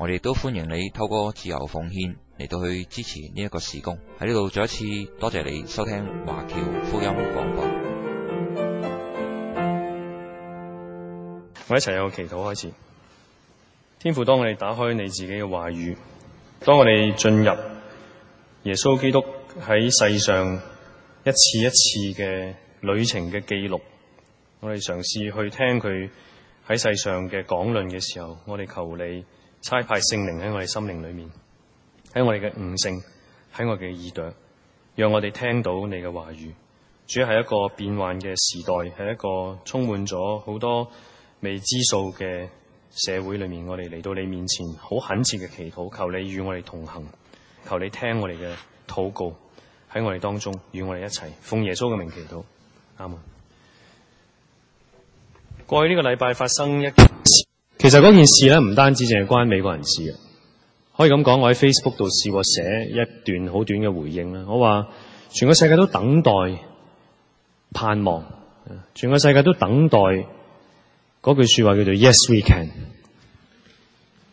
我哋都歡迎你透過自由奉獻嚟到去支持呢一個事工。喺呢度再一次多謝你收聽華僑福音廣播。我一齊由祈禱開始。天父，當我哋打開你自己嘅話語，當我哋進入耶穌基督喺世上一次一次嘅旅程嘅記錄，我哋嘗試去聽佢喺世上嘅講論嘅時候，我哋求你。差派聖靈喺我哋心靈裏面，喺我哋嘅悟性，喺我哋嘅耳朵，讓我哋聽到你嘅話語。主要係一個變幻嘅時代，係一個充滿咗好多未知數嘅社會裏面，我哋嚟到你面前，好懇切嘅祈禱，求你與我哋同行，求你聽我哋嘅禱告，喺我哋當中與我哋一齊，奉耶穌嘅名祈禱，啱啊。過去呢個禮拜發生一件事。其實嗰件事咧，唔單止淨係關美國人事嘅，可以咁講。我喺 Facebook 度試過寫一段好短嘅回應啦。我話全個世界都等待盼望，全個世界都等待嗰句說話叫做 Yes，We Can。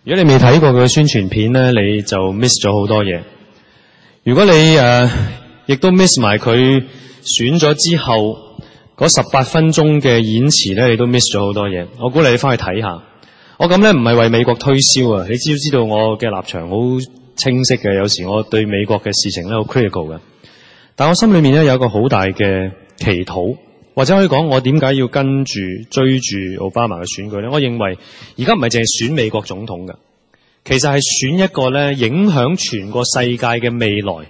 如果你未睇過佢嘅宣傳片咧，你就 miss 咗好多嘢。如果你誒、啊、亦都 miss 埋佢選咗之後嗰十八分鐘嘅演詞咧，你都 miss 咗好多嘢。我鼓勵你翻去睇下。我咁咧，唔係為美國推銷啊。你知唔知道我嘅立場好清晰嘅？有時我對美國嘅事情咧好 critical 嘅。但我心裏面咧有一個好大嘅祈禱，或者可以講我點解要跟住追住奧巴馬嘅選舉呢？我認為而家唔係淨係選美國總統㗎，其實係選一個咧影響全個世界嘅未來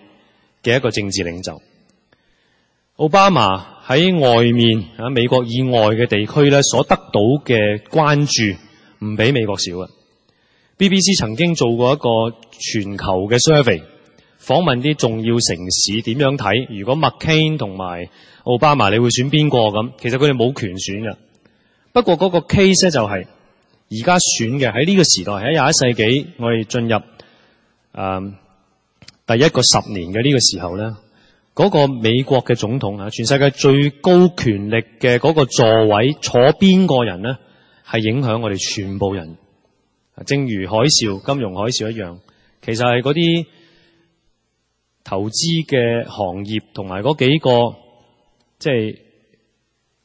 嘅一個政治領袖。奧巴馬喺外面啊，美國以外嘅地區咧所得到嘅關注。唔比美國少啊！BBC 曾經做過一個全球嘅 survey，訪問啲重要城市點樣睇？如果 McCain 同埋奧巴馬，你會選邊個？噉其實佢哋冇權選㗎。不過嗰個 case 呢，就係而家選嘅。喺呢個時代，喺廿一世紀，我哋進入誒第一個十年嘅呢個時候呢，嗰個美國嘅總統啊，全世界最高權力嘅嗰個座位坐邊個人呢？係影響我哋全部人，正如海嘯、金融海嘯一樣，其實係嗰啲投資嘅行業同埋嗰幾個即係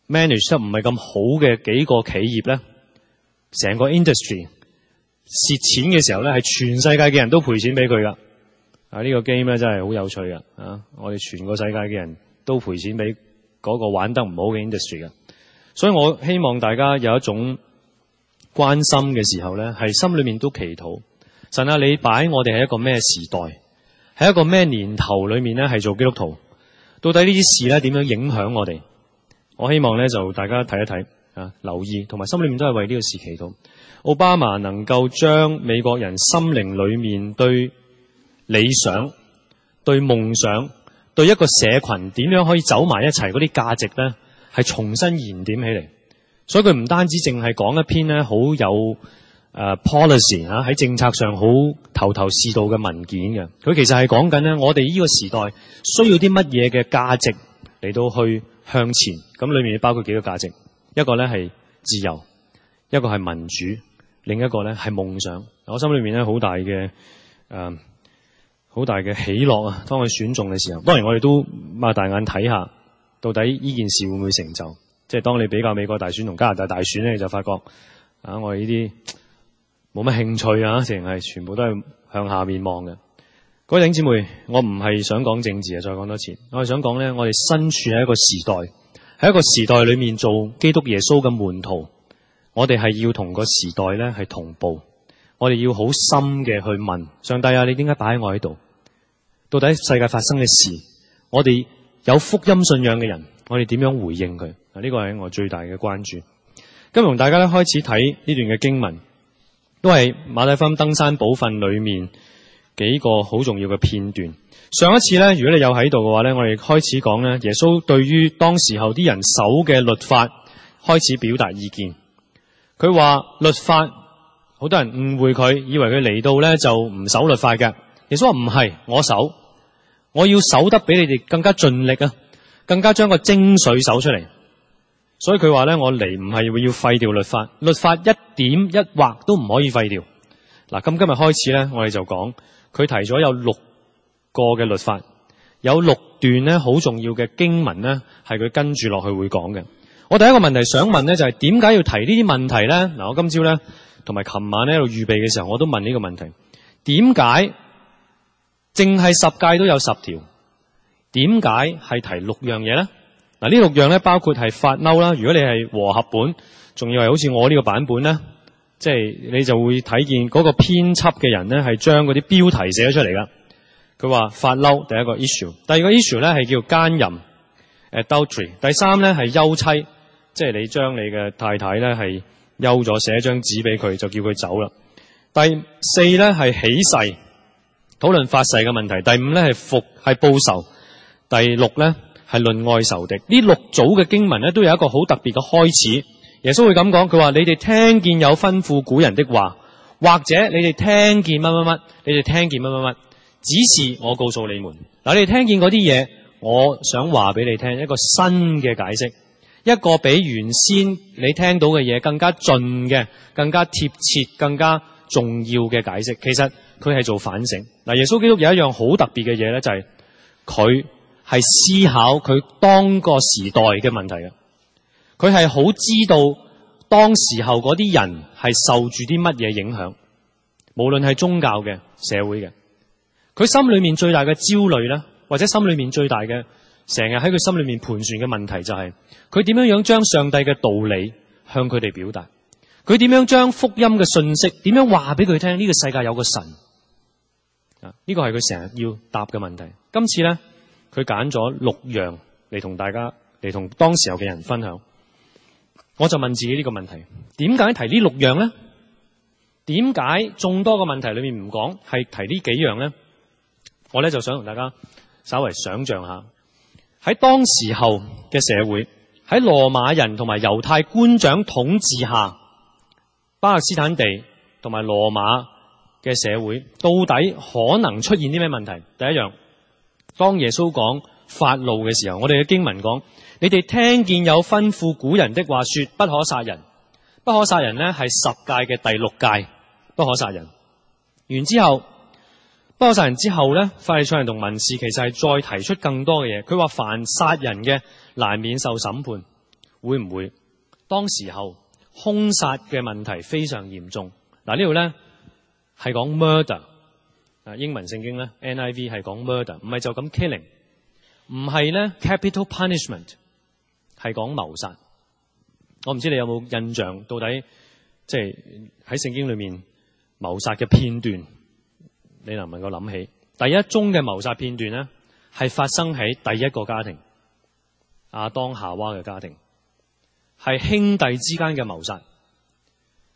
manage 得唔係咁好嘅幾個企業咧，成個 industry 蝕錢嘅時候咧，係全世界嘅人都賠錢俾佢㗎。啊，呢個 game 咧真係好有趣㗎！啊，我哋全個世界嘅人都賠錢俾嗰個玩得唔好嘅 industry 㗎。所以我希望大家有一種。關心嘅時候呢，係心裏面都祈禱，神啊，你擺我哋係一個咩時代，喺一個咩年頭裏面呢，係做基督徒，到底呢啲事呢，點樣影響我哋？我希望呢，就大家睇一睇啊，留意，同埋心裏面都係為呢個事祈禱。奧巴馬能夠將美國人心靈裏面對理想、對夢想、對一個社群點樣可以走埋一齊嗰啲價值呢，係重新燃點起嚟。所以佢唔單止淨係講一篇咧好有誒 policy 嚇，喺政策上好頭頭是道嘅文件嘅，佢其實係講緊咧，我哋呢個時代需要啲乜嘢嘅價值嚟到去向前咁，裏面包括幾個價值，一個咧係自由，一個係民主，另一個咧係夢想。我心裏面咧好大嘅誒好大嘅喜樂啊，當佢選中嘅時候，當然我哋都擘大眼睇下，到底呢件事會唔會成就？即係當你比較美國大選同加拿大大選呢，你就發覺啊，我哋呢啲冇乜興趣啊，淨係全部都係向下面望嘅。各位弟兄姊妹，我唔係想講政治啊，再講多次，我係想講呢：「我哋身處喺一個時代，喺一個時代裏面做基督耶穌嘅門徒，我哋係要同個時代呢係同步，我哋要好深嘅去問上帝啊，你點解擺喺我喺度？到底世界發生嘅事，我哋有福音信仰嘅人。我哋點樣回應佢？嗱，呢個係我最大嘅關注。今日同大家咧開始睇呢段嘅經文，都係馬太福音登山寶訓裏面幾個好重要嘅片段。上一次呢，如果你有喺度嘅話呢，我哋開始講呢：耶穌對於當時候啲人守嘅律法開始表達意見他說。佢話律法好多人誤會佢，以為佢嚟到呢就唔守律法嘅。耶穌話唔係，我守，我要守得比你哋更加盡力啊！更加將個精髓搜出嚟，所以佢話呢：「我嚟唔係要廢掉律法，律法一點一劃都唔可以廢掉。」嗱，咁今日開始呢，我哋就講，佢提咗有六個嘅律法，有六段呢好重要嘅經文呢，係佢跟住落去會講嘅。我第一個問題想問呢，就係點解要提呢啲問題呢？嗱，我今朝呢，同埋琴晚呢度預備嘅時候，我都問呢個問題：點解淨係十誡都有十條？點解係提六樣嘢咧？嗱、啊，呢六樣咧包括係發嬲啦。如果你係和合本，仲要係好似我呢個版本咧，即係你就會睇見嗰個編輯嘅人咧，係將嗰啲標題寫咗出嚟噶。佢話發嬲第一個 issue，第二個 issue 咧係叫奸淫 （adultery），第三咧係休妻，即係你將你嘅太太咧係休咗，寫張紙俾佢就叫佢走啦。第四咧係起誓，討論發誓嘅問題。第五咧係服係報仇。第六呢，係論愛仇敵，呢六組嘅經文呢，都有一個好特別嘅開始。耶穌會咁講，佢話：你哋聽見有吩咐古人的話，或者你哋聽見乜乜乜，你哋聽見乜乜乜，只是我告訴你們嗱，你哋聽見嗰啲嘢，我想話俾你聽一個新嘅解釋，一個比原先你聽到嘅嘢更加盡嘅、更加貼切、更加重要嘅解釋。其實佢係做反省嗱。耶穌基督有一樣好特別嘅嘢呢，就係佢。係思考佢當個時代嘅問題嘅，佢係好知道當時候嗰啲人係受住啲乜嘢影響，無論係宗教嘅、社會嘅，佢心裏面最大嘅焦慮咧，或者心裏面最大嘅成日喺佢心裏面盤旋嘅問題就係，佢點樣樣將上帝嘅道理向佢哋表達，佢點樣將福音嘅信息點樣話俾佢聽呢個世界有個神，啊呢個係佢成日要答嘅問題。今次呢。佢揀咗六樣嚟同大家嚟同當時候嘅人分享。我就問自己呢個問題：點解提呢六樣呢？點解眾多個問題裏面唔講係提呢幾樣呢？我呢就想同大家稍微想像下，喺當時候嘅社會，喺羅馬人同埋猶太官長統治下巴勒斯坦地同埋羅馬嘅社會，到底可能出現啲咩問題？第一樣。當耶穌講發怒嘅時候，我哋嘅經文講：你哋聽見有吩咐古人的話說，不可殺人。不可殺人呢係十誡嘅第六誡，不可殺人。完之後，不可殺人之後呢，法利賽人同文士其實係再提出更多嘅嘢。佢話凡殺人嘅難免受審判，會唔會？當時候兇殺嘅問題非常嚴重。嗱，呢度呢係講 murder。啊，英文聖經咧，NIV 係講 murder，唔係就咁 killing，唔係咧 capital punishment 係講謀殺。我唔知你有冇印象，到底即係喺聖經裏面謀殺嘅片段，你能唔能夠諗起？第一宗嘅謀殺片段咧，係發生喺第一個家庭阿當夏娃嘅家庭，係兄弟之間嘅謀殺，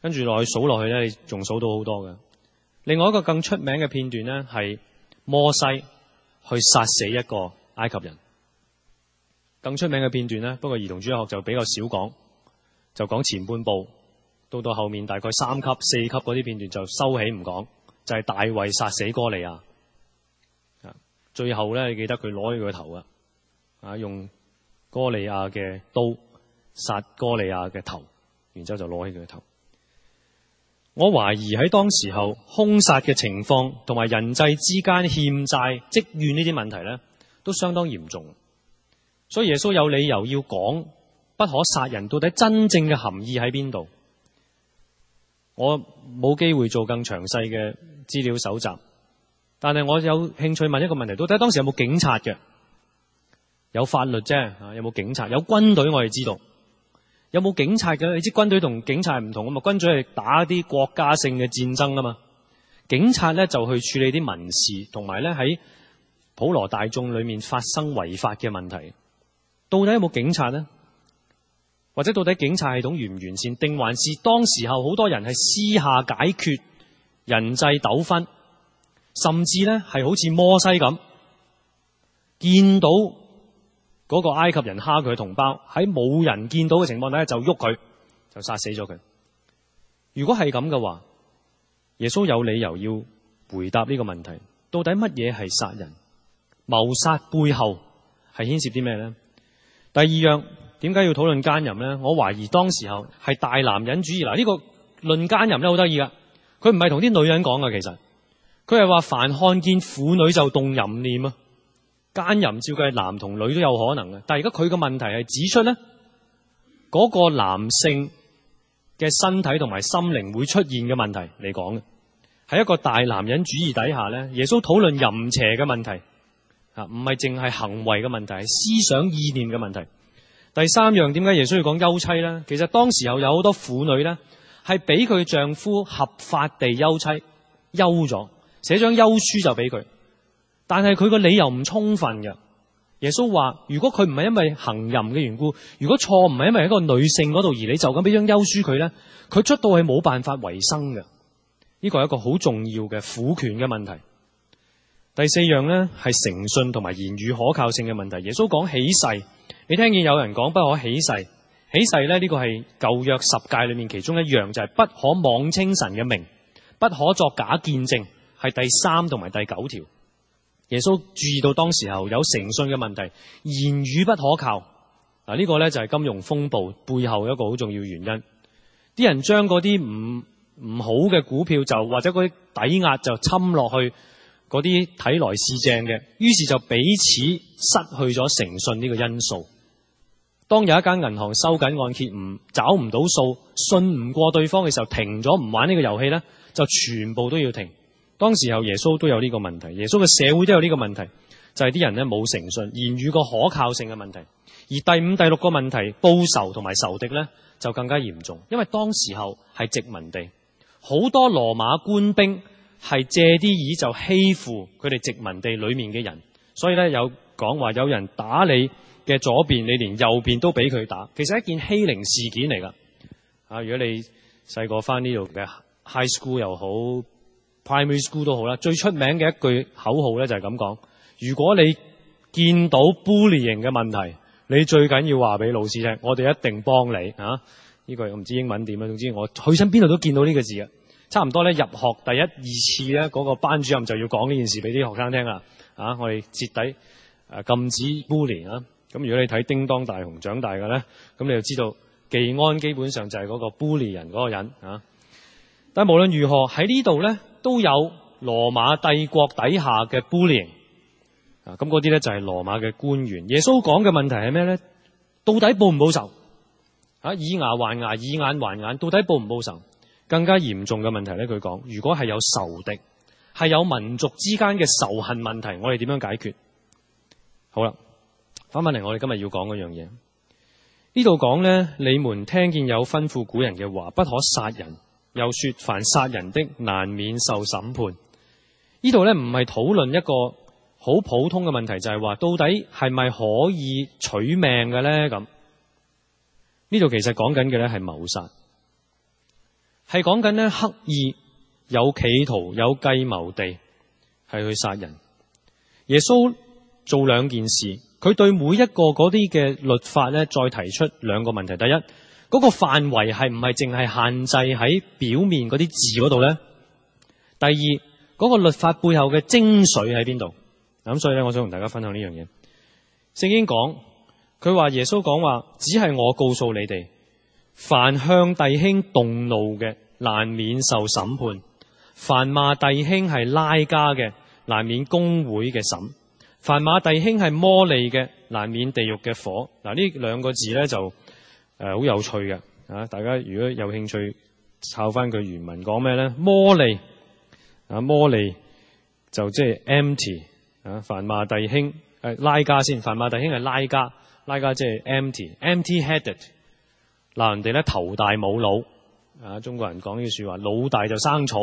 跟住落去數落去咧，你仲數到好多嘅。另外一個更出名嘅片段呢，係摩西去殺死一個埃及人。更出名嘅片段呢，不過兒童主日學就比較少講，就講前半部。到到後面大概三級四級嗰啲片段就收起唔講，就係大衛殺死哥利亞。最後呢，你記得佢攞起佢嘅頭啊，用哥利亞嘅刀殺哥利亞嘅頭，然之後就攞起佢嘅頭。我懷疑喺當時候凶殺嘅情況，同埋人際之間欠債積怨呢啲問題呢都相當嚴重。所以耶穌有理由要講不可殺人，到底真正嘅含義喺邊度？我冇機會做更詳細嘅資料搜集，但係我有興趣問一個問題：到底當時有冇警察嘅？有法律啫，有冇警察？有軍隊我哋知道。有冇警察嘅？你知軍隊同警察係唔同啊嘛？軍隊係打啲國家性嘅戰爭啊嘛，警察呢，就去處理啲民事，同埋呢喺普羅大眾裏面發生違法嘅問題。到底有冇警察呢？或者到底警察系統完唔完善？定還是當時候好多人係私下解決人際糾紛，甚至呢，係好似摩西咁見到。嗰個埃及人蝦佢嘅同胞喺冇人見到嘅情況底下就喐佢就殺死咗佢。如果係咁嘅話，耶穌有理由要回答呢個問題：「到底乜嘢係殺人？謀殺背後係牽涉啲咩呢？」第二樣，點解要討論奸淫呢？我懷疑當時候係大男人主義。嗱，呢個論奸淫咧好得意噶，佢唔係同啲女人講㗎。其實佢係話凡看見婦女就動淫念啊。奸淫照計男同女都有可能嘅。但係而家佢嘅問題係指出呢、嗰、嗰個男性嘅身體同埋心靈會出現嘅問題嚟講嘅，係一個大男人主義底下咧，耶穌討論淫邪嘅問題啊，唔係淨係行為嘅問題，係、啊、思想意念嘅問題。第三樣，點解耶穌要講休妻咧？其實當時候有好多婦女咧，係俾佢丈夫合法地休妻，休咗，寫張休書就俾佢。但係佢個理由唔充分嘅。耶穌話，如果佢唔係因為行淫嘅緣故，如果錯唔係因為一個女性嗰度，而你就咁俾張休書佢呢，佢出到係冇辦法維生嘅。呢個係一個好重要嘅苦權嘅問題。第四樣呢係誠信同埋言語可靠性嘅問題。耶穌講起誓，你聽見有人講不可起誓。起誓呢，呢個係舊約十誡裏面其中一樣就係不可妄稱神嘅名，不可作假見證，係第三同埋第九條。耶穌注意到當時候有誠信嘅問題，言語不可靠。嗱，呢個咧就係金融風暴背後一個好重要原因。啲人將嗰啲唔唔好嘅股票就或者嗰啲抵押就侵落去嗰啲睇來是正嘅，於是就彼此失去咗誠信呢個因素。當有一間銀行收緊按揭唔，唔找唔到數，信唔過對方嘅時候，停咗唔玩呢個遊戲咧，就全部都要停。當時候耶穌都有呢個問題，耶穌嘅社會都有呢個問題，就係、是、啲人呢冇誠信，言語個可靠性嘅問題。而第五、第六個問題，報仇同埋仇敵呢就更加嚴重，因為當時候係殖民地，好多羅馬官兵係借啲耳就欺負佢哋殖民地裏面嘅人，所以呢，有講話有人打你嘅左邊，你連右邊都俾佢打，其實是一件欺凌事件嚟噶。啊，如果你細個返呢度嘅 high school 又好，primary school 都好啦，最出名嘅一句口號咧就係咁講。如果你見到 bullying 嘅問題，你最緊要話俾老師聽，我哋一定幫你啊！呢、呢個唔知英文點啊，總之我去親邊度都見到呢個字啊。差唔多咧入學第一二次咧，嗰、嗰個班主任就要講呢件事俾啲學生聽啦。啊，我哋徹底、啊、禁止 bullying 咁、啊、如果你睇《叮當》大雄長大嘅咧，咁你就知道技安基本上就係嗰個 bullying 嗰個人啊。但係無論如何喺呢度咧。都有羅馬帝國底下嘅 bullying 啊，咁嗰啲呢，就係羅馬嘅官員。耶穌講嘅問題係咩呢？到底報唔報仇？以牙還牙，以眼還眼，到底報唔報仇？更加嚴重嘅問題呢，佢講：如果係有仇敵，係有民族之間嘅仇恨問題，我哋點樣解決？好啦，返返嚟我哋今日要講嗰樣嘢。呢度講呢，你們聽見有吩咐古人嘅話，不可殺人。又說，凡殺人的難免受審判。呢度呢，唔係討論一個好普通嘅問題，就係話到底係咪可以取命嘅呢？咁呢度其實講緊嘅呢，係謀殺，係講緊呢刻意有企圖、有計謀地係去殺人。耶穌做兩件事，佢對每一個嗰啲嘅律法呢，再提出兩個問題。第一。嗰個範圍係唔係淨係限制喺表面嗰啲字嗰度呢？第二，嗰、嗰個律法背後嘅精髓喺邊度？咁所以咧，我想同大家分享呢樣嘢。聖經講，佢話耶穌講話，只係我告訴你哋，凡向弟兄動怒嘅，難免受審判；凡罵弟兄係拉加嘅，難免公會嘅審；凡罵弟兄係魔利嘅，難免地獄嘅火。嗱，呢兩個字呢，就。誒好、呃、有趣嘅，啊大家如果有興趣抄翻佢原文講咩呢？魔利，啊魔利，就即係 empty 啊，凡罵弟兄、啊、拉加先，凡罵弟兄係拉加，拉加即係 empt、啊、empty，empty headed 鬧人哋呢頭大冇腦啊！中國人講呢句説話，老大就生草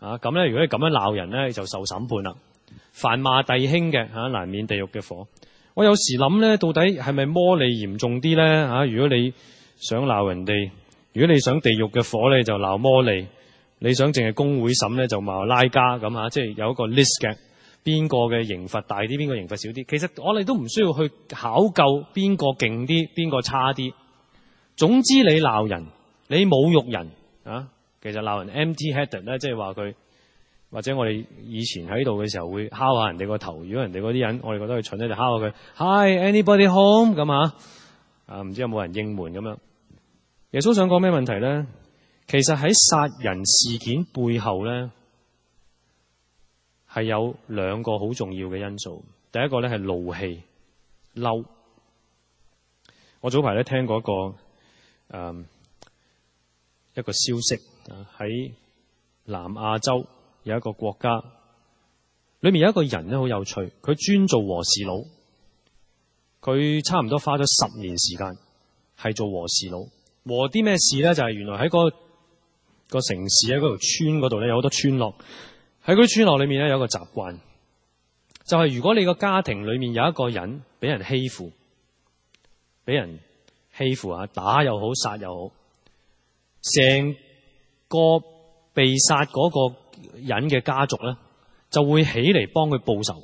啊！咁呢，如果你咁樣鬧人呢就受審判啦。凡罵弟兄嘅嚇，難、啊啊、免地獄嘅火。我有時諗呢，到底係咪魔力嚴重啲呢？嚇、啊？如果你想鬧人哋，如果你想地獄嘅火咧，就鬧魔力；你想淨係公會審咧，就鬧拉加咁嚇，即係有一個 list 嘅，邊個嘅刑罰大啲，邊個刑罰少啲。其實我哋都唔需要去考究邊個勁啲，邊個差啲。總之你鬧人，你侮辱人啊，其實鬧人 MT Head 咧，即係話佢。Headed, 或者我哋以前喺度嘅時候會敲下人哋個頭，如果人哋嗰啲人我哋覺得佢蠢咧，就敲下佢。Hi，anybody home？咁啊，啊唔知有冇人應門咁樣。耶穌想講咩問題咧？其實喺殺人事件背後咧，係有兩個好重要嘅因素。第一個咧，係怒氣、嬲。我早排咧聽過一個誒、嗯、一個消息喺南亞洲。有一個國家，裏面有一個人咧，好有趣。佢專做和事佬，佢差唔多花咗十年時間係做和事佬，和啲咩事咧？就係原來喺個個城市喺嗰條村嗰度咧，有好多村落喺嗰啲村落裏面咧，有一個習慣，就係如果你個家庭裏面有一個人俾人欺負，俾人欺負啊，打又好，殺又好，成個被殺嗰個人嘅家族呢，就會起嚟幫佢報仇，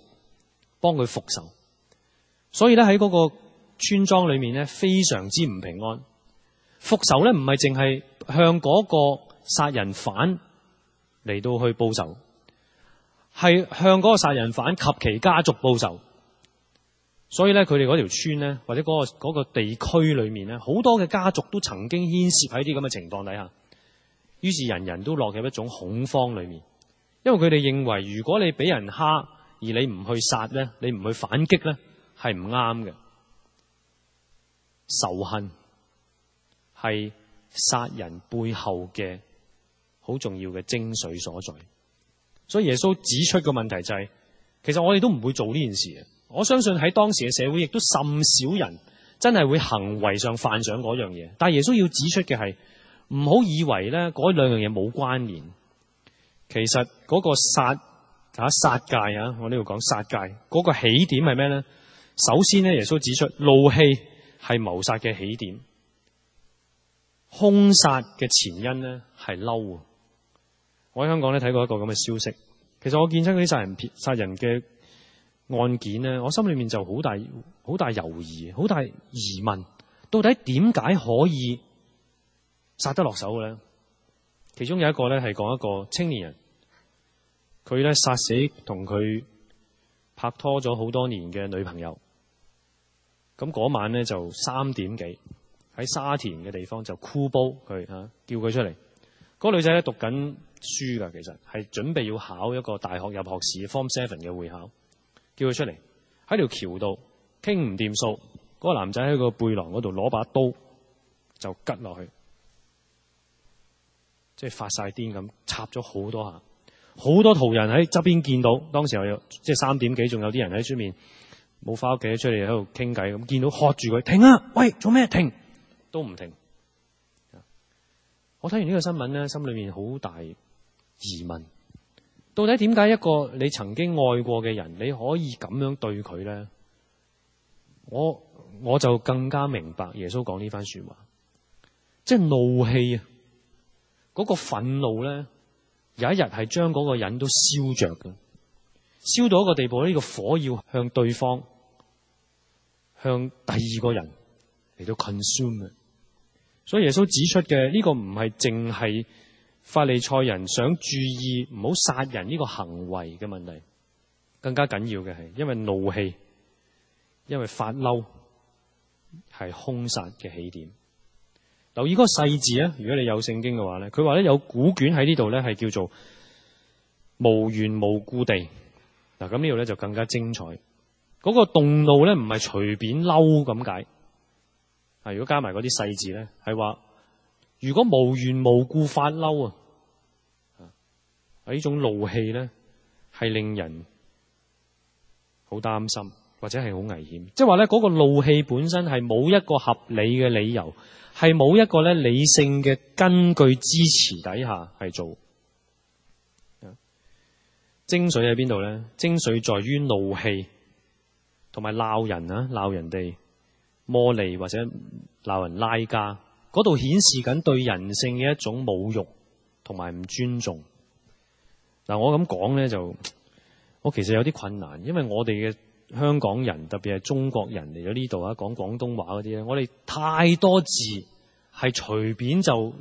幫佢復仇。所以咧喺嗰個村莊裏面呢，非常之唔平安。復仇呢，唔係淨係向嗰個殺人犯嚟到去報仇，係向嗰個殺人犯及其家族報仇。所以呢，佢哋嗰條村呢，或者嗰個、嗰個地區裏面呢，好多嘅家族都曾經牽涉喺啲咁嘅情況底下，於是人人都落喺一種恐慌裏面。因為佢哋認為，如果你俾人蝦，而你唔去殺呢，你唔去反擊呢，係唔啱嘅。仇恨係殺人背後嘅好重要嘅精髓所在。所以耶穌指出嘅問題就係，其實我哋都唔會做呢件事啊！我相信喺當時嘅社會，亦都甚少人真係會行為上犯上嗰樣嘢。但係耶穌要指出嘅係，唔好以為呢嗰兩樣嘢冇關聯。其實嗰個殺吓、啊、殺戒啊，我呢度講殺戒，嗰、嗰個起點係咩咧？首先咧，耶穌指出怒氣係謀殺嘅起點，兇殺嘅前因咧係嬲啊！我喺香港咧睇過一個咁嘅消息，其實我見親嗰啲殺人、殺人嘅案件咧，我心裏面就好大、好大猶疑、好大疑問，到底點解可以殺得落手嘅咧？其中有一個咧係講一個青年人。佢咧殺死同佢拍拖咗好多年嘅女朋友。咁嗰晚咧就三點幾，喺沙田嘅地方就箍煲佢吓，叫佢出嚟。嗰、那個女仔咧讀緊書噶，其實係準備要考一個大學入學試 Form Seven 嘅會考，叫佢出嚟喺條橋度傾唔掂數。嗰、那個男仔喺個背囊嗰度攞把刀就拮落去，即係發晒癲咁插咗好多下。好多途人喺側邊見到，當時有即係三點幾，仲有啲人喺出面冇翻屋企，出嚟喺度傾偈咁，見到喝住佢，停啊！喂，做咩？停都唔停。我睇完呢個新聞呢，心裏面好大疑問，到底點解一個你曾經愛過嘅人，你可以咁樣對佢呢？我我就更加明白耶穌講呢番說話，即係怒氣啊，嗰個憤怒呢。有一日係將嗰個人都燒着嘅，燒到一個地步，呢個火要向對方、向第二個人嚟到 consume 嘅。所以耶穌指出嘅呢個唔係淨係法利賽人想注意唔好殺人呢個行為嘅問題，更加緊要嘅係因為怒氣、因為發嬲係兇殺嘅起點。留意個細字咧，如果你有聖經嘅話咧，佢話咧有古卷喺呢度咧，係叫做無緣無故地嗱。咁呢度咧就更加精彩。嗰個動怒咧唔係隨便嬲咁解啊！如果加埋嗰啲細字咧，係話如果無緣無故發嬲啊，呢種怒氣咧，係令人好擔心。或者係好危險，即係話呢嗰個怒氣本身係冇一個合理嘅理由，係冇一個咧理性嘅根據支持底下係做。精髓喺邊度呢？精髓在於怒氣同埋鬧人啊，鬧人哋魔脷或者鬧人拉家，嗰度顯示緊對人性嘅一種侮辱同埋唔尊重。嗱，我咁講呢，就，我其實有啲困難，因為我哋嘅。香港人特別係中國人嚟咗呢度啊，講廣東話嗰啲咧，我哋太多字係隨便就，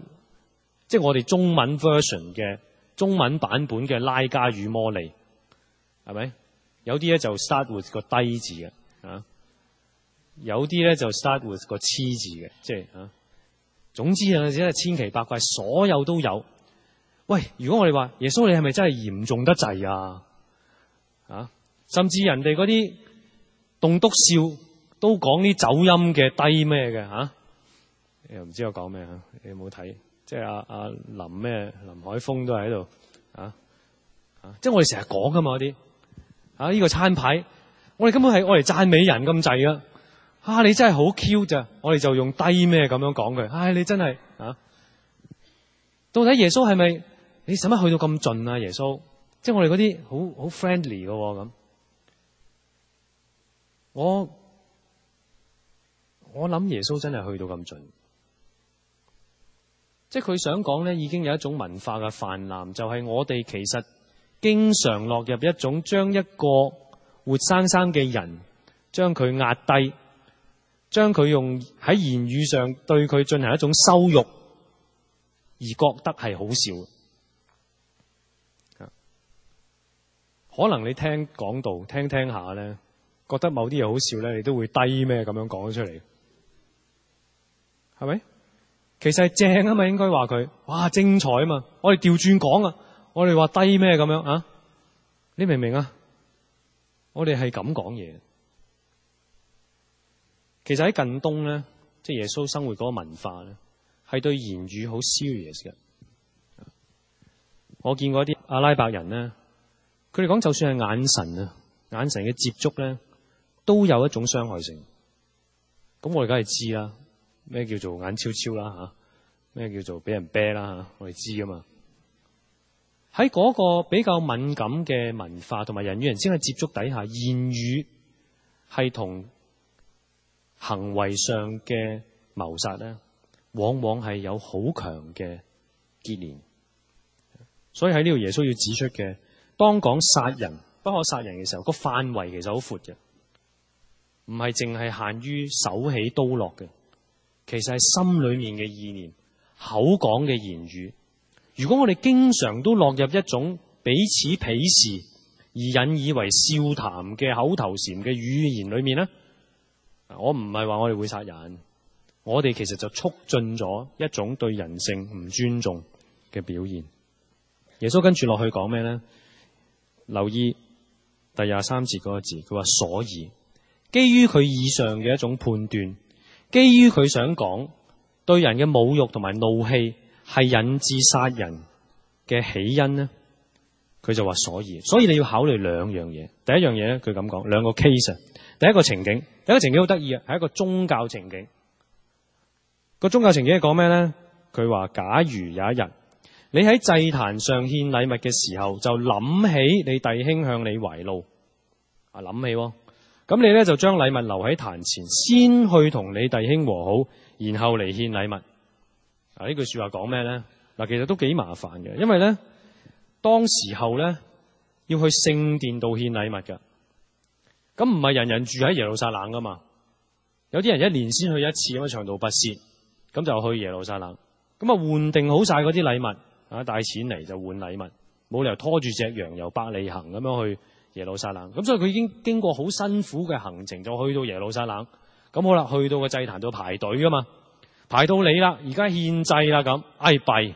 即係我哋中文 version 嘅中文版本嘅拉加與魔利係咪？有啲咧就 start with 個低字嘅、啊、有啲咧就 start with 個黐字嘅，即係、啊、總之有陣時真係千奇百怪，所有都有。喂，如果我哋話耶穌你係咪真係嚴重得、啊、滯啊？甚至人哋嗰啲。棟篤笑都講啲走音嘅低咩嘅吓，你又、啊、唔知我講咩你冇睇，即係阿阿林咩林海峰都喺度啊！即、啊、係、就是、我哋成日講噶嘛啲，啊呢、這個餐牌，我哋根本係我嚟讚美人咁滯噶，啊你真係好 Q 咋，我哋就用低咩咁樣講佢，唉、啊、你真係啊，到底耶穌係咪你使乜去到咁盡啊耶穌？即、就、係、是、我哋嗰啲好好 friendly 噶咁。我我諗耶穌真係去到咁盡，即係佢想講呢，已經有一種文化嘅泛濫，就係我哋其實經常落入一種將一個活生生嘅人將佢壓低，將佢用喺言語上對佢進行一種羞辱，而覺得係好笑。可能你聽講道聽聽下呢。覺得某啲嘢好笑咧，你都會低咩咁樣講出嚟，係咪？其實係正啊嘛，應該話佢，哇，精彩啊嘛！我哋調轉講啊，我哋話低咩咁樣啊？你明唔明啊？我哋係咁講嘢。其實喺近東咧，即係耶穌生活嗰個文化咧，係對言語好 serious 嘅。我見過一啲阿拉伯人咧，佢哋講就算係眼神啊，眼神嘅接觸咧，都有一種傷害性。咁我而家係知啦，咩叫做眼超超啦吓，咩叫做俾人啤啦、啊、我哋知㗎嘛。喺嗰個比較敏感嘅文化同埋人與人之間嘅接觸底下，言語係同行為上嘅謀殺咧，往往係有好強嘅結連。所以喺呢度，耶穌要指出嘅，當講殺人不可殺人嘅時候，個範圍其實好闊嘅。唔係淨係限於手起刀落嘅，其實係心裏面嘅意念、口講嘅言語。如果我哋經常都落入一種彼此鄙視而引以為笑談嘅口頭禪嘅語言裏面呢，我唔係話我哋會殺人，我哋其實就促進咗一種對人性唔尊重嘅表現。耶穌跟住落去講咩呢？留意第廿三節嗰個字，佢話所以。基於佢以上嘅一種判斷，基於佢想講對人嘅侮辱同埋怒氣係引致殺人嘅起因呢，佢就話所以，所以你要考慮兩樣嘢。第一樣嘢咧，佢咁講兩個 case。第一個情景，第一個情景好得意啊，係一個宗教情景。個宗教情景係講咩呢？佢話假如有一日你喺祭壇上獻禮物嘅時候，就諗起你弟兄向你懷怒啊，諗起、哦。咁你呢，就將禮物留喺壇前，先去同你弟兄和好，然後嚟獻禮物。啊呢句說話講咩呢？嗱，其實都幾麻煩嘅，因為呢，當時候呢，要去聖殿度獻禮物噶，咁唔係人人住喺耶路撒冷噶嘛，有啲人一年先去一次咁樣長途跋涉，咁就去耶路撒冷，咁啊換定好晒嗰啲禮物啊帶錢嚟就換禮物，冇理由拖住隻羊由百里行咁樣去。耶路撒冷，咁所以佢已經經過好辛苦嘅行程，就去到耶路撒冷。咁好啦，去到個祭壇度排隊噶嘛，排到你啦，而家獻祭啦咁，哎弊，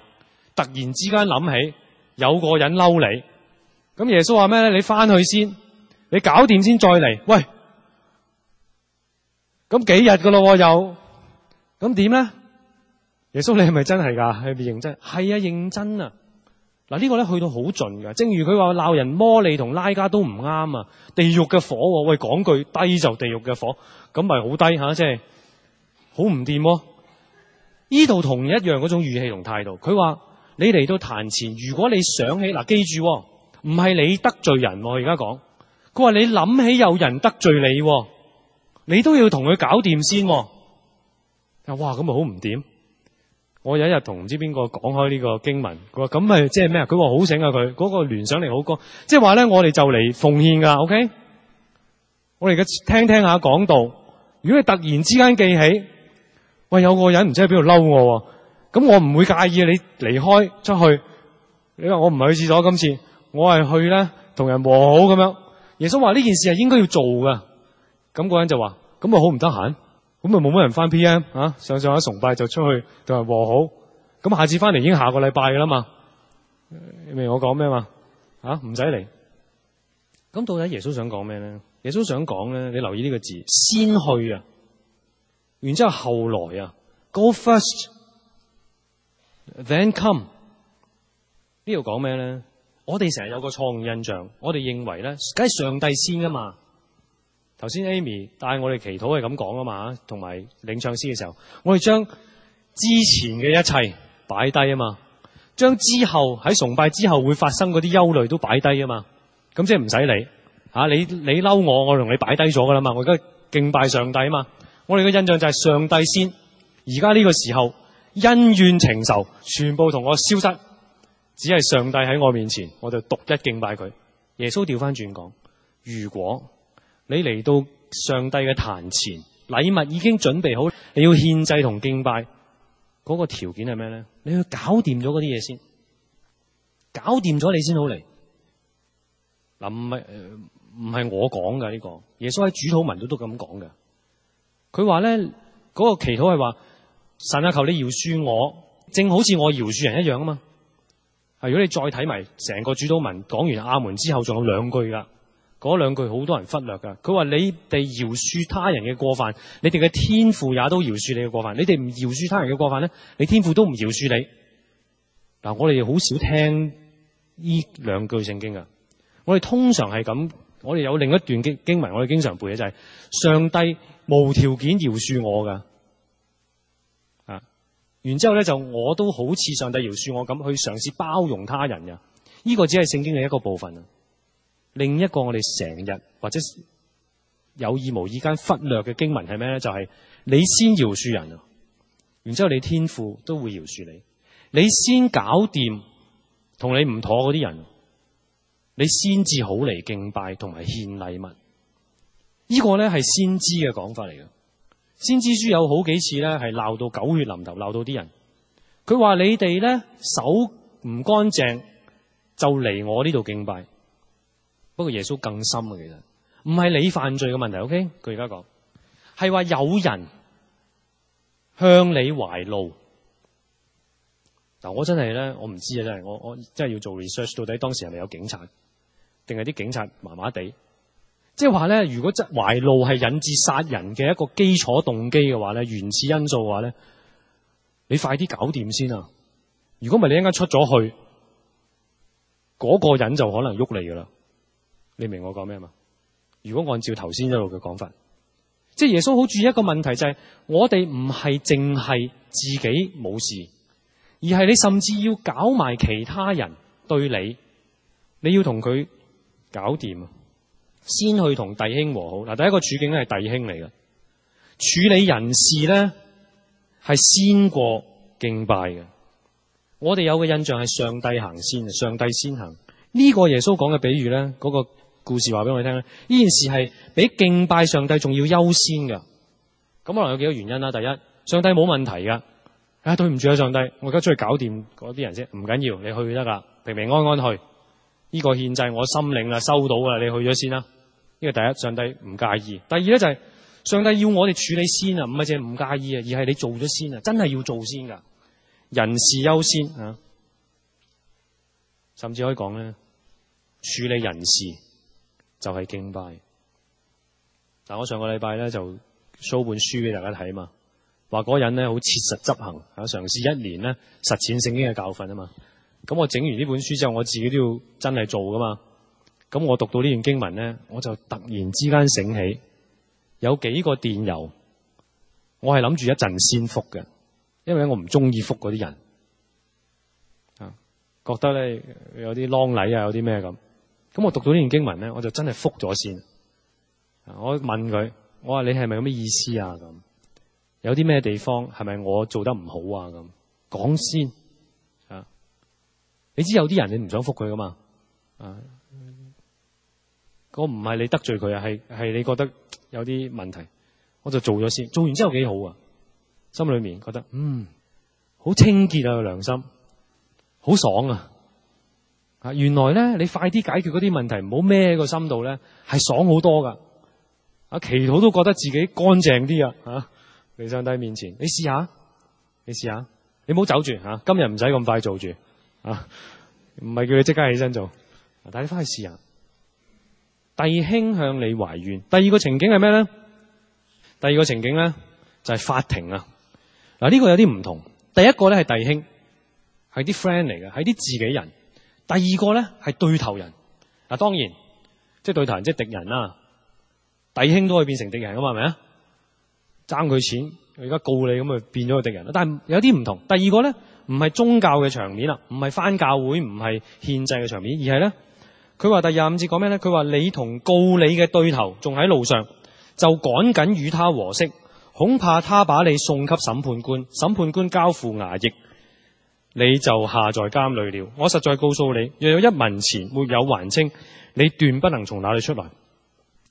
突然之間諗起有個人嬲你，咁耶穌話咩咧？你翻去先，你搞掂先再嚟。喂，咁幾日噶咯又，咁點咧？耶穌你係咪真係噶？係咪認真？係啊，認真啊。嗱，呢個咧去到好盡㗎。正如佢話鬧人魔利同拉加都唔啱啊！地獄嘅火、哦，喂講句低就地獄嘅火，咁咪好低嚇，即係好唔掂。依度、哦、同一樣嗰種語氣同態度，佢話你嚟到壇前，如果你想起嗱、啊，記住唔、哦、係你得罪人、哦，而家講佢話你諗起有人得罪你、哦，你都要同佢搞掂先、哦。哇，咁咪好唔掂？我有一日同唔知邊個講開呢個經文，佢話咁係，即係咩啊？佢話好醒啊！佢嗰個聯想力好高，即係話咧，我哋就嚟奉獻噶，OK？我哋而家聽聽下講道。如果你突然之間記起，喂，有個人唔知喺邊度嬲我，咁我唔會介意你離開出去，你話我唔係去廁所今次，我係去咧同人和好咁樣。耶穌話呢件事係應該要做噶。咁個人就話，咁咪好唔得閒？咁咪冇乜人翻 PM 啊！上上一崇拜就出去同人和好，咁下次翻嚟已經下個禮拜嘅啦嘛。你明我講咩嘛？啊，唔使嚟。咁到底耶穌想講咩咧？耶穌想講咧，你留意呢個字，先去啊，然之後後來啊，Go first, then come。呢度講咩咧？我哋成日有個錯誤印象，我哋認為咧，梗係上帝先㗎嘛。頭先 Amy 帶我哋祈禱係咁講啊嘛，同埋領唱詩嘅時候，我哋將之前嘅一切擺低啊嘛，將之後喺崇拜之後會發生嗰啲憂慮都擺低啊嘛，咁即係唔使理吓你你嬲我，我同你擺低咗噶啦嘛。我而家敬拜上帝啊嘛，我哋嘅印象就係上帝先，而家呢個時候恩怨情仇全部同我消失，只係上帝喺我面前，我就獨一敬拜佢。耶穌調翻轉講，如果。你嚟到上帝嘅壇前，禮物已經準備好，你要獻祭同敬拜，嗰、那個條件係咩咧？你要搞掂咗嗰啲嘢先，搞掂咗你先好嚟。嗱，唔係唔係我講噶呢個，耶穌喺主禱文都都咁講㗎。佢話咧嗰個祈禱係話，神啊，求你饒恕我，正好似我饒恕人一樣啊嘛。係，如果你再睇埋成個主禱文，講完阿門之後仲有兩句噶。嗰兩句好多人忽略噶，佢話你哋饒恕他人嘅過犯，你哋嘅天父也都饒恕你嘅過犯。你哋唔饒恕他人嘅過犯呢？你天父都唔饒恕你。嗱，我哋好少聽呢兩句聖經噶，我哋通常係咁，我哋有另一段經經文，我哋經常背嘅就係上帝無條件饒恕我噶，啊，然之後咧就我都好似上帝饒恕我咁去嘗試包容他人嘅，呢個只係聖經嘅一個部分啊。另一個我哋成日或者有意無意間忽略嘅經文係咩咧？就係你先饒恕人，然之後你天父都會饒恕你。你先搞掂同你唔妥嗰啲人，你先至好嚟敬拜同埋獻禮物。呢個咧係先知嘅講法嚟嘅。先知書有好幾次咧係鬧到狗血淋頭，鬧到啲人佢話你哋咧手唔乾淨就嚟我呢度敬拜。不過耶穌更深啊，其實唔係你犯罪嘅問題，OK？佢而家講係話有人向你懷怒。嗱，我真係咧，我唔知啊，真係，我我真係要做 research，到底當時係咪有警察，定係啲警察麻麻地？即係話咧，如果執懷怒係引致殺人嘅一個基礎動機嘅話咧，原始因素嘅話咧，你快啲搞掂先啊！如果唔係，你一間出咗去，嗰個人就可能喐你噶啦。你明我講咩嘛？如果按照頭先一路嘅講法，即係耶穌好注意一個問題，就係我哋唔係淨係自己冇事，而係你甚至要搞埋其他人對你，你要同佢搞掂，先去同弟兄和好。嗱，第一個處境咧係弟兄嚟嘅，處理人事呢係先過敬拜嘅。我哋有個印象係上帝行先，上帝先行。呢個耶穌講嘅比喻呢，嗰個。故事話俾我哋聽咧，呢件事係比敬拜上帝仲要優先噶。咁可能有幾個原因啦、啊？第一，上帝冇問題噶，啊，對唔住啊，上帝，我而家出去搞掂嗰啲人先，唔緊要，你去得噶，平平安安去。呢、這個憲制我心領啦，收到啦，你去咗先啦。呢個第一，上帝唔介意。第二咧就係、是、上帝要我哋處理先啊，唔係淨係唔介意啊，而係你做咗先啊，真係要做先噶，人事優先啊，甚至可以講咧，處理人事。就係敬拜。但我上個禮拜咧就 show 本書俾大家睇嘛，話嗰人咧好切實執行，啊，嘗試一年咧實踐聖經嘅教訓啊嘛。咁我整完呢本書之後，我自己都要真係做㗎嘛。咁我讀到呢段經文咧，我就突然之間醒起，有幾個電郵，我係諗住一陣先覆嘅，因為我唔中意覆嗰啲人，啊，覺得咧有啲啷禮啊，有啲咩咁。咁我讀到呢段經文咧，我就真係覆咗先。我問佢，我話，你係咪咁咩意思啊？咁有啲咩地方係咪我做得唔好啊？咁講先。啊！你知有啲人你唔想覆佢噶嘛？啊！唔係你得罪佢啊，係係你覺得有啲問題，我就做咗先。做完之後幾好啊，心裏面覺得嗯，好清潔啊個良心，好爽啊！原來咧，你快啲解決嗰啲問題，唔好孭個心度咧，係爽好多噶。啊，祈禱都覺得自己乾淨啲啊。吓，喺上帝面前，你試下，你試下，你唔好走住吓、啊。今日唔使咁快做住啊，唔係叫你即刻起身做，但你返去試下。弟兄向你懷怨，第二個情景係咩咧？第二個情景咧就係、是、法庭啊。嗱，呢個有啲唔同。第一個咧係弟兄，係啲 friend 嚟嘅，係啲自己人。第二個呢係對頭人，當、啊、當然即係對頭人即係敵人啦、啊，弟兄都可以變成敵人噶嘛，係咪啊？爭佢錢，而家告你咁咪變咗個敵人。但係有啲唔同，第二個呢，唔係宗教嘅場面啦，唔係翻教會，唔係獻祭嘅場面，而係呢。佢話第二十五節講咩呢？佢話你同告你嘅對頭仲喺路上，就趕緊與他和息，恐怕他把你送給審判官，審判官交付衙役。你就下在監裏了。我實在告訴你，若有一文錢沒有還清，你斷不能從那裏出來。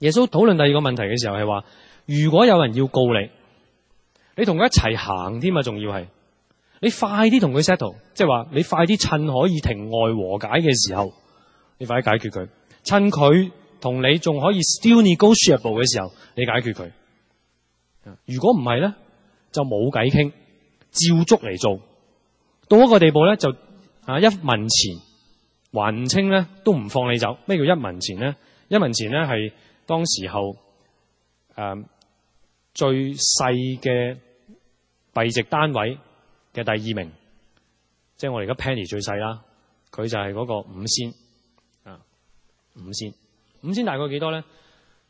耶穌討論第二個問題嘅時候係話，如果有人要告你，你同佢一齊行添啊，仲要係，你快啲同佢 settle，即係話你快啲趁可以庭外和解嘅時候，你快啲解決佢，趁佢同你仲可以 still negotiable 嘅時候，你解決佢。如果唔係呢，就冇偈傾，照足嚟做。到一個地步咧，就啊一文錢還清咧，都唔放你走。咩叫一文錢咧？一文錢咧係當時候誒最細嘅幣值單位嘅第二名，即係我哋而家 penny 最細啦。佢就係嗰個五仙啊，五仙。五仙大概幾多咧？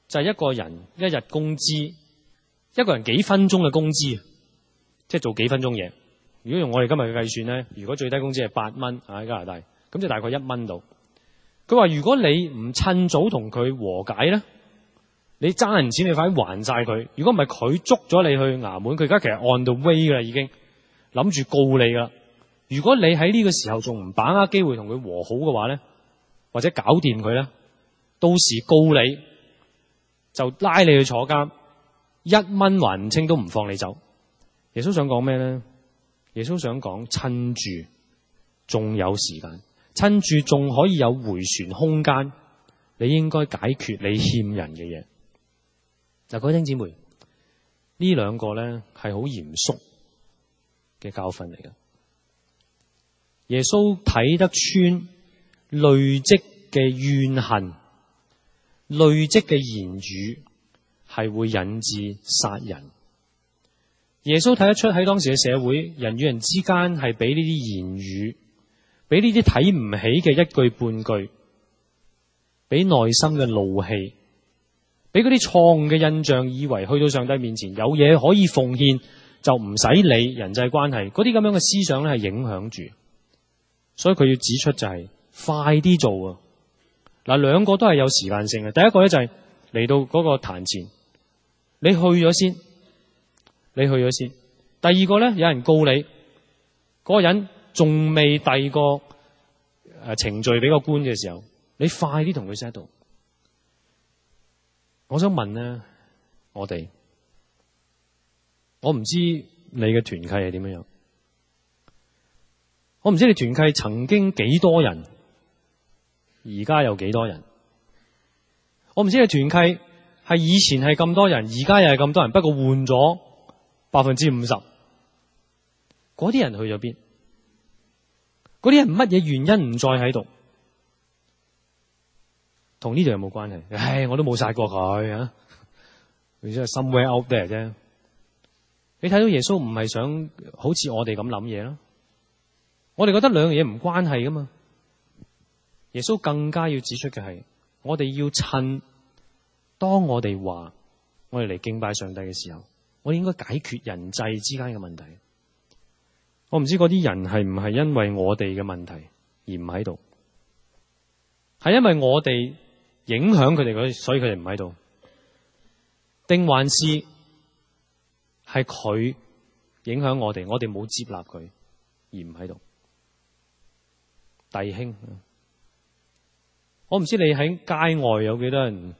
就係一個人一日工資，一個人幾分鐘嘅工資，即係做幾分鐘嘢。如果用我哋今日嘅計算咧，如果最低工資係八蚊喺加拿大，咁就大概一蚊度。佢話：如果你唔趁早同佢和解咧，你爭人錢，你快啲還晒佢。如果唔係佢捉咗你去衙門，佢而家其實按到威噶啦，已經諗住告你噶啦。如果你喺呢個時候仲唔把握機會同佢和好嘅話咧，或者搞掂佢咧，到時告你就拉你去坐監，一蚊還唔清都唔放你走。耶穌想講咩咧？耶穌想講，趁住仲有時間，趁住仲可以有回旋空間，你應該解決你欠人嘅嘢。嗱，各位弟兄姊妹，呢兩個呢係好嚴肅嘅教訓嚟嘅。耶穌睇得穿累積嘅怨恨、累積嘅言語，係會引致殺人。耶穌睇得出喺當時嘅社會，人與人之間係俾呢啲言語，俾呢啲睇唔起嘅一句半句，俾內心嘅怒氣，俾嗰啲錯誤嘅印象，以為去到上帝面前有嘢可以奉獻，就唔使理人際關係嗰啲咁樣嘅思想咧，係影響住，所以佢要指出就係、是、快啲做啊！嗱，兩個都係有時間性嘅，第一個咧就係、是、嚟到嗰個壇前，你去咗先。你去咗先。第二個咧，有人告你，嗰、那個人仲未遞過誒、呃、程序俾個官嘅時候，你快啲同佢 set 到。我想問咧、啊，我哋，我唔知你嘅團契係點樣，我唔知你團契曾經幾多，多，多人，而家有幾多人，我唔知你團契係以前係咁多人，而家又係咁多人，不過換咗。百分之五十，嗰啲人去咗邊？嗰啲人乜嘢原因唔再喺度？同呢度有冇關係？唉，我都冇晒過佢啊，你真係 somewhere out there 啫。你睇到耶穌唔係想好似我哋咁諗嘢咯？我哋覺得兩樣嘢唔關係噶嘛？耶穌更加要指出嘅係，我哋要趁當我哋話我哋嚟敬拜上帝嘅時候。我應該解決人際之間嘅問題。我唔知嗰啲人係唔係因為我哋嘅問題而唔喺度，係因為我哋影響佢哋，所以佢哋唔喺度。定還是係佢影響我哋，我哋冇接納佢而唔喺度，弟兄。我唔知你喺街外有幾多人，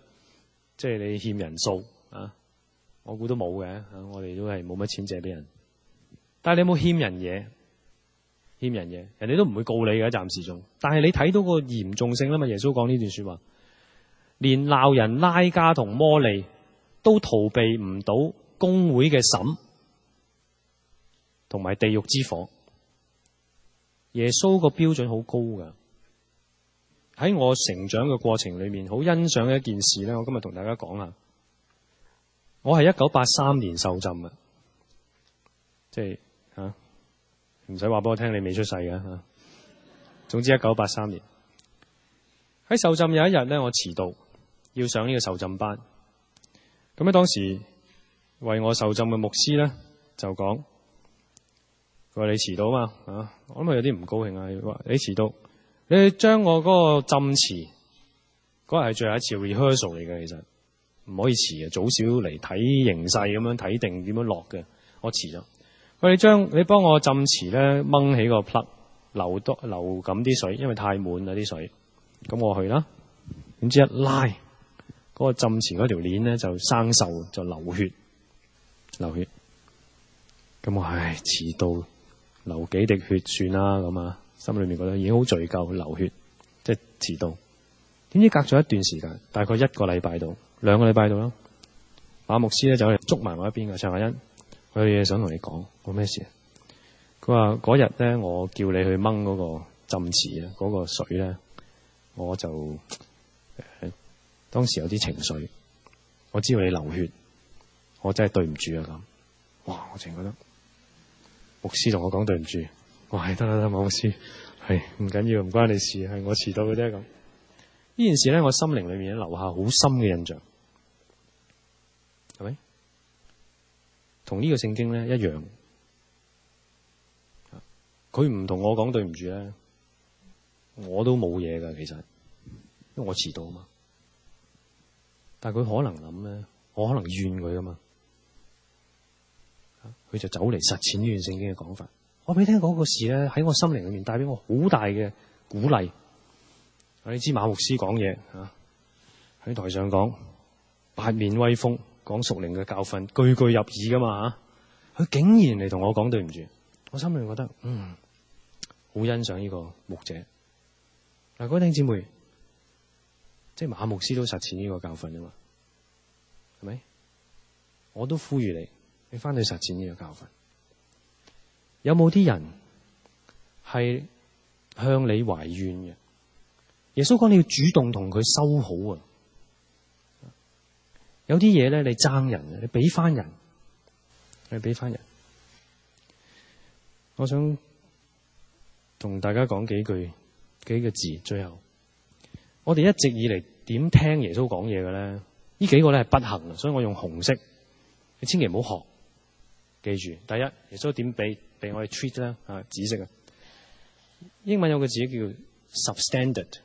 即係你欠人數。我估都冇嘅，我哋都係冇乜錢借俾人。但係你有冇欠人嘢？欠人嘢，人哋都唔會告你嘅，暫時仲。但係你睇到個嚴重性啦嘛，耶穌講呢段說話，連鬧人、拉加同魔利都逃避唔到公會嘅審，同埋地獄之火。耶穌個標準好高噶。喺我成長嘅過程裏面，好欣賞嘅一件事呢，我今日同大家講呀。我係一九八三年受浸嘅，即係嚇，唔使話俾我聽你未出世嘅嚇。總之一九八三年喺受浸有一日咧，我遲到要上呢個受浸班。咁咧當時為我受浸嘅牧師咧就講：佢話你遲到嗎啊嘛嚇，我諗佢有啲唔高興啊。佢話你遲到，你將我嗰個浸詞嗰日係最後一次 rehearsal 嚟嘅，其實。唔可以遲嘅，早少嚟睇形勢咁樣睇定點樣落嘅。我遲咗，佢你將你幫我浸池咧，掹起個 plug 多流咁啲水，因為太滿啦啲水。咁我去啦，點知一拉嗰、那個浸池嗰條鏈咧就生受就流血流血。咁我唉遲到，流幾滴血算啦咁啊，心裏面覺得已經好罪疚，流血即係、就是、遲到。點知隔咗一段時間，大概一個禮拜度。兩個禮拜度啦，馬牧師咧就嚟捉埋我一邊嘅，華恩，我有嘢想同你講，冇咩事。佢話嗰日咧，我叫你去掹嗰個浸池啊，嗰、嗰個水咧，我就當時有啲情緒，我知道你流血，我真係對唔住啊咁。哇，我淨係覺得牧師同我講對唔住，我係得啦，得馬牧師，係、哎、唔緊要，唔關你事，係我遲到嘅啫咁。呢件事咧，我心靈裏面留下好深嘅印象，係咪？同呢個聖經咧一樣，佢唔同我講對唔住咧，我都冇嘢噶。其實，因為我遲到啊嘛。但係佢可能諗咧，我可能怨佢啊嘛，佢就走嚟實踐呢段聖經嘅講法。我俾聽講個事咧，喺我心靈裏面帶俾我好大嘅鼓勵。你知馬牧師講嘢喺台上講，八面威風，講屬靈嘅教訓，句句入耳噶嘛？佢竟然嚟同我講對唔住，我心裏覺得，嗯，好欣賞呢個牧者。嗱，各位弟兄姊妹，即係馬牧師都實踐呢個教訓啊嘛，係咪？我都呼籲你，你翻去實踐呢個教訓。有冇啲人係向你懷怨嘅？耶穌講你要主動同佢修好啊！有啲嘢咧你爭人，你俾翻人，你俾翻人。我想同大家講幾句幾個字，最後我哋一直以嚟點聽耶穌講嘢嘅咧？呢幾個咧係不行，所以我用紅色，你千祈唔好學。記住，第一，耶穌點俾俾我哋 treat 咧啊？紫色啊！英文有個字叫 substandard。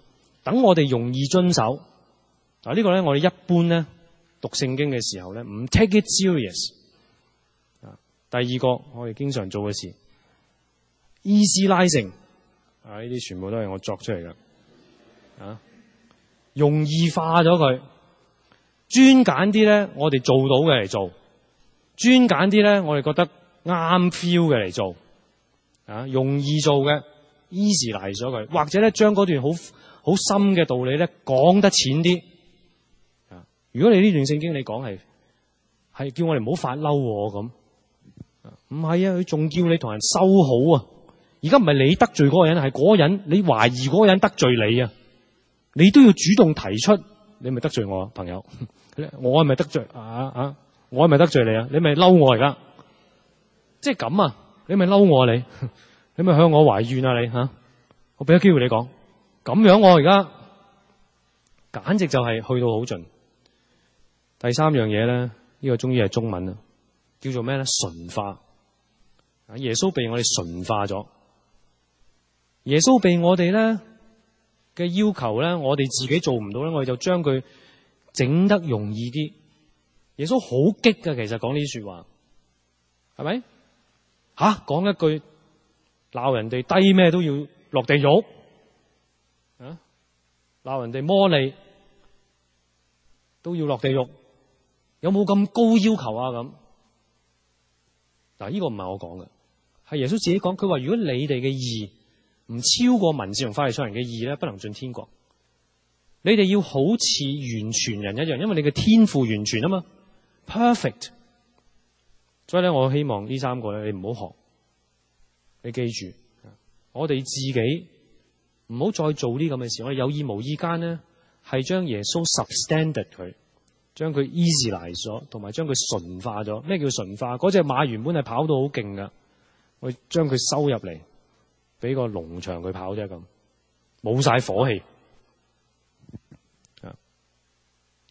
等我哋容易遵守嗱，啊這個、呢個咧我哋一般咧讀聖經嘅時候咧，唔 take it serious 啊。第二個我哋經常做嘅事，easyising 啊，呢啲全部都係我作出嚟嘅啊，容易化咗佢，專揀啲咧我哋做到嘅嚟做，專揀啲咧我哋覺得啱 feel 嘅嚟做啊，容易做嘅 easyising 咗佢，或者咧將嗰段好。好深嘅道理咧，講得淺啲啊！如果你呢段聖經你講係係叫我哋唔好發嬲咁，唔係啊，佢仲、啊、叫你同人修好啊。而家唔係你得罪嗰個人，係嗰個人，你懷疑嗰個人得罪你啊。你都要主動提出，你咪得罪我、啊、朋友， 我係咪得罪啊啊？我係咪得罪你啊？你咪嬲我而家，即係咁啊！你咪嬲我、啊、 你，你咪向我懷怨啊！你吓、啊，我俾咗機會你講。咁樣我而家簡直就係去到好盡。第三樣嘢咧，呢、這個終於係中文啦，叫做咩咧？馴化啊！耶穌被我哋馴化咗，耶穌被我哋咧嘅要求咧，我哋自己做唔到咧，我哋就將佢整得容易啲。耶穌好激㗎，其實講呢啲說話，係咪？吓、啊、講一句鬧人哋低咩都要落地獄。鬧人哋摸你都要落地獄，有冇咁高要求啊？咁嗱，呢個唔係我講嘅，係耶穌自己講。佢話如果你哋嘅義唔超過文士同法利賽人嘅義咧，不能進天國。你哋要好似完全人一樣，因為你嘅天父完全啊嘛，perfect。所以咧，我希望呢三個咧，你唔好學，你記住，我哋自己。唔好再做呢咁嘅事，我哋有意無意間呢，係將耶穌 substandard 佢，將佢 easilize 咗，同埋將佢馴化咗。咩叫馴化？嗰隻馬原本係跑到好勁噶，我將佢收入嚟，俾個農場佢跑啫，咁冇晒火氣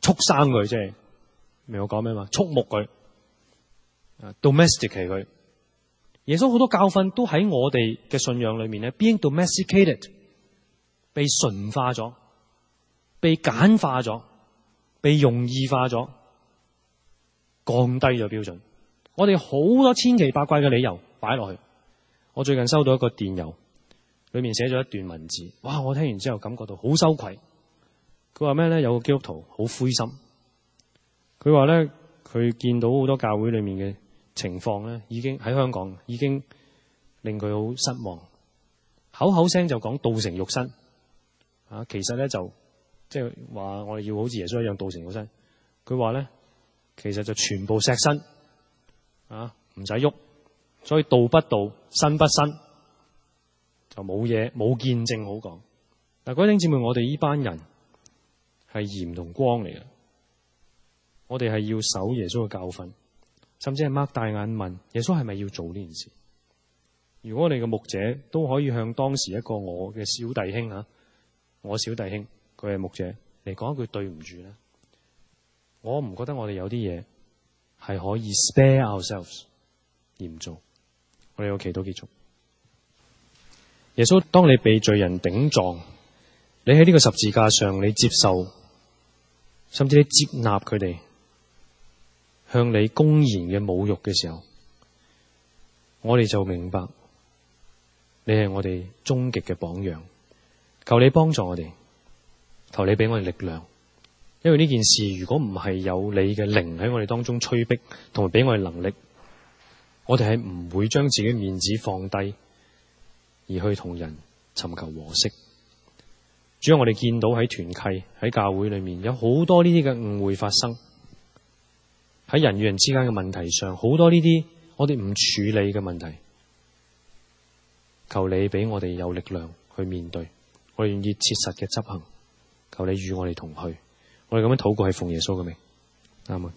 畜 生佢，即係明我講咩嘛？畜牧佢，domesticate 佢。耶穌好多教訓都喺我哋嘅信仰裏面呢 being domesticated。被純化咗，被簡化咗，被容易化咗，降低咗標準。我哋好多千奇百怪嘅理由擺落去。我最近收到一個電郵，裏面寫咗一段文字。哇！我聽完之後感覺到好羞愧。佢話咩咧？有個基督徒好灰心。佢話咧，佢見到好多教會裏面嘅情況咧，已經喺香港已經令佢好失望。口口聲就講道成肉身。啊，其實咧就即係話我哋要好似耶穌一樣道成肉身。佢話咧，其實就全部石身，啊唔使喐，所以道不道，身不身，就冇嘢冇見證好講。嗱，各位弟兄姊妹，我哋呢班人係鹽同光嚟嘅，我哋係要守耶穌嘅教訓，甚至係擘大眼問耶穌係咪要做呢件事？如果我哋嘅牧者都可以向當時一個我嘅小弟兄吓。啊我小弟兄，佢係牧者嚟講一句對唔住咧，我唔覺得我哋有啲嘢係可以 spare ourselves 而唔做。我哋有祈禱結束。耶穌，當你被罪人頂撞，你喺呢個十字架上，你接受，甚至你接納佢哋向你公然嘅侮辱嘅時候，我哋就明白你係我哋終極嘅榜樣。求你幫助我哋，求你俾我哋力量，因為呢件事如果唔係有你嘅靈喺我哋當中催逼，同埋俾我哋能力，我哋係唔會將自己面子放低，而去同人尋求和解。主要我哋見到喺團契、喺教會裏面有好多呢啲嘅誤會發生喺人與人之間嘅問題上，好多呢啲我哋唔處理嘅問題。求你俾我哋有力量去面對。我願意切實嘅執行，求你與我哋同去。我哋咁樣禱告係奉耶穌嘅名，阿門。